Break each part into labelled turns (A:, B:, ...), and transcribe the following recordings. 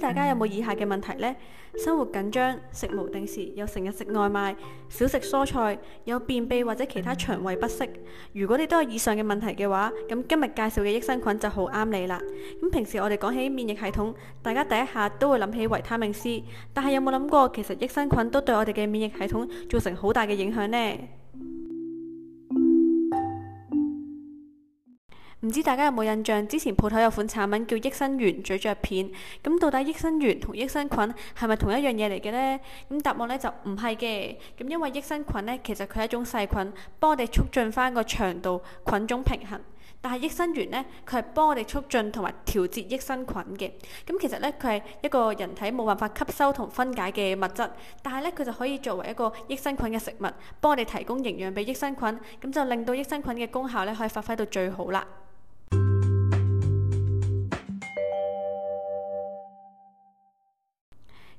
A: 大家有冇以下嘅問題呢？生活緊張，食無定時，又成日食外賣，少食蔬菜，有便秘或者其他腸胃不適。如果你都有以上嘅問題嘅話，咁今日介紹嘅益生菌就好啱你啦。咁平時我哋講起免疫系統，大家第一下都會諗起維他命 C，但係有冇諗過其實益生菌都對我哋嘅免疫系統造成好大嘅影響呢？唔知大家有冇印象？之前鋪頭有款產品叫益生元咀嚼片。咁到底益生元同益生菌係咪同一樣嘢嚟嘅呢？咁答案咧就唔係嘅。咁因為益生菌咧，其實佢係一種細菌，幫我哋促進翻個腸道菌種平衡。但係益生元咧，佢係幫我哋促進同埋調節益生菌嘅。咁其實咧，佢係一個人體冇辦法吸收同分解嘅物質，但係咧佢就可以作為一個益生菌嘅食物，幫我哋提供營養俾益生菌，咁就令到益生菌嘅功效咧可以發揮到最好啦。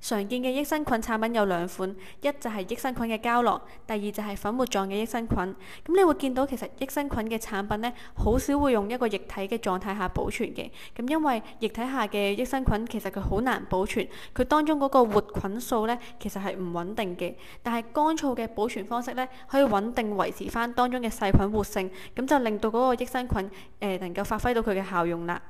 A: 常見嘅益生菌產品有兩款，一就係益生菌嘅膠囊，第二就係粉末狀嘅益生菌。咁你會見到其實益生菌嘅產品呢，好少會用一個液體嘅狀態下保存嘅。咁因為液體下嘅益生菌其實佢好難保存，佢當中嗰個活菌數呢其實係唔穩定嘅。但係乾燥嘅保存方式呢，可以穩定維持翻當中嘅細菌活性，咁就令到嗰個益生菌誒、呃、能夠發揮到佢嘅效用啦。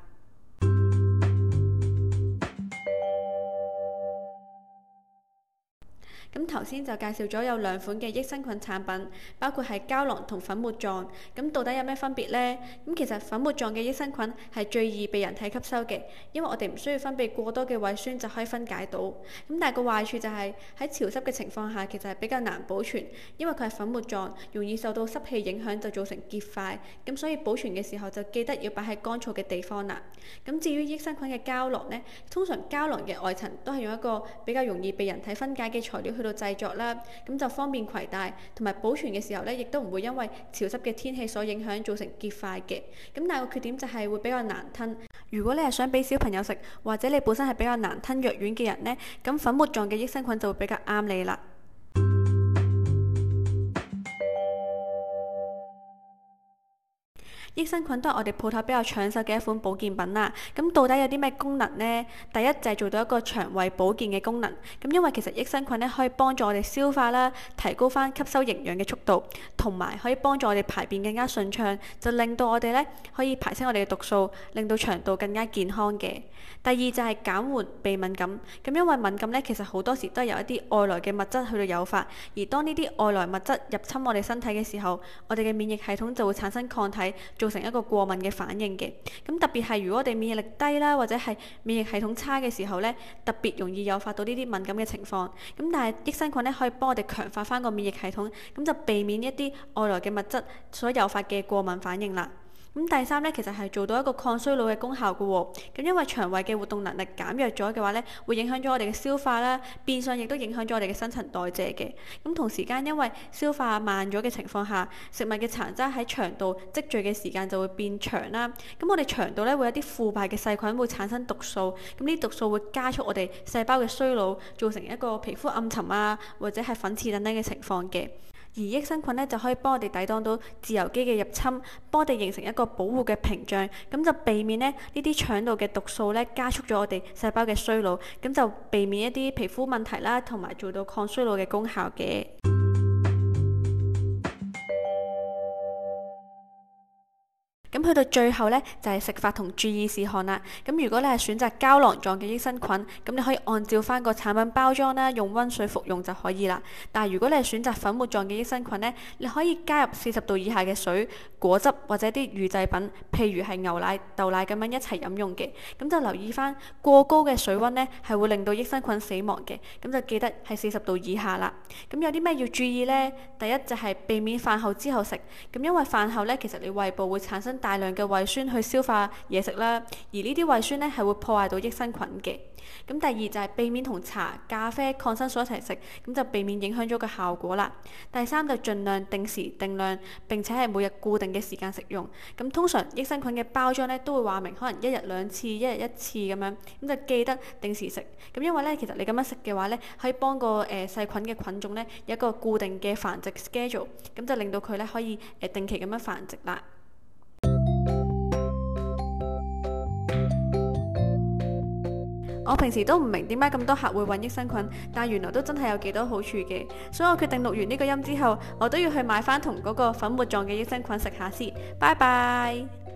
A: 咁頭先就介紹咗有兩款嘅益生菌產品，包括係膠囊同粉末狀。咁到底有咩分別呢？咁其實粉末狀嘅益生菌係最易被人體吸收嘅，因為我哋唔需要分泌過多嘅胃酸就可以分解到。咁但係個壞處就係喺潮濕嘅情況下，其實係比較難保存，因為佢係粉末狀，容易受到濕氣影響就造成結塊。咁所以保存嘅時候就記得要擺喺乾燥嘅地方啦。咁至於益生菌嘅膠囊呢，通常膠囊嘅外層都係用一個比較容易被人體分解嘅材料。去到製作啦，咁就方便攜帶同埋保存嘅時候呢，亦都唔會因為潮濕嘅天氣所影響，造成結塊嘅。咁但係個缺點就係會比較難吞。如果你係想俾小朋友食，或者你本身係比較難吞藥丸嘅人呢，咁粉末狀嘅益生菌就會比較啱你啦。益生菌都係我哋鋪頭比較搶手嘅一款保健品啦。咁到底有啲咩功能呢？第一就係做到一個腸胃保健嘅功能。咁因為其實益生菌咧可以幫助我哋消化啦，提高翻吸收營養嘅速度，同埋可以幫助我哋排便更加順暢，就令到我哋咧可以排清我哋嘅毒素，令到腸道更加健康嘅。第二就係減緩鼻敏感。咁因為敏感咧，其實好多時都係由一啲外來嘅物質去到誘發。而當呢啲外來物質入侵我哋身體嘅時候，我哋嘅免疫系統就會產生抗體。造成一個過敏嘅反應嘅。咁特別係如果我哋免疫力低啦，或者係免疫系統差嘅時候咧，特別容易誘發到呢啲敏感嘅情況。咁但係益生菌咧可以幫我哋強化返個免疫系統，咁就避免一啲外來嘅物質所誘發嘅過敏反應啦。咁第三咧，其實係做到一個抗衰老嘅功效嘅喎。咁因為腸胃嘅活動能力減弱咗嘅話咧，會影響咗我哋嘅消化啦，變相亦都影響咗我哋嘅新陳代謝嘅。咁同時間因為消化慢咗嘅情況下，食物嘅殘渣喺腸道積聚嘅時間就會變長啦。咁我哋腸道咧會有啲腐敗嘅細菌會產生毒素，咁呢毒素會加速我哋細胞嘅衰老，造成一個皮膚暗沉啊，或者係粉刺等等嘅情況嘅。而益生菌呢就可以幫我哋抵擋到自由基嘅入侵，幫我哋形成一個保護嘅屏障，咁就避免呢呢啲腸道嘅毒素呢，加速咗我哋細胞嘅衰老，咁就避免一啲皮膚問題啦，同埋做到抗衰老嘅功效嘅。咁去到最後呢，就係、是、食法同注意事項啦。咁如果你係選擇膠囊狀嘅益生菌，咁你可以按照翻個產品包裝啦，用温水服用就可以啦。但係如果你係選擇粉末狀嘅益生菌呢，你可以加入四十度以下嘅水、果汁或者啲乳製品，譬如係牛奶、豆奶咁樣一齊飲用嘅。咁就留意翻過高嘅水温呢，係會令到益生菌死亡嘅。咁就記得係四十度以下啦。咁有啲咩要注意呢？第一就係、是、避免飯後之後食，咁因為飯後呢，其實你胃部會產生大量嘅胃酸去消化嘢食啦，而呢啲胃酸咧係會破壞到益生菌嘅。咁第二就係避免同茶、咖啡、抗生素一齊食，咁就避免影響咗個效果啦。第三就儘量定時定量並且係每日固定嘅時間食用。咁通常益生菌嘅包裝咧都會話明，可能一日兩次、一日一次咁樣，咁就記得定時食。咁因為咧，其實你咁樣食嘅話咧，可以幫個誒細菌嘅菌種咧有一個固定嘅繁殖 schedule，咁就令到佢咧可以誒定期咁樣繁殖啦。我平時都唔明點解咁多客會揾益生菌，但原來都真係有幾多好處嘅，所以我決定錄完呢個音之後，我都要去買返同嗰個粉末狀嘅益生菌食下先。拜拜。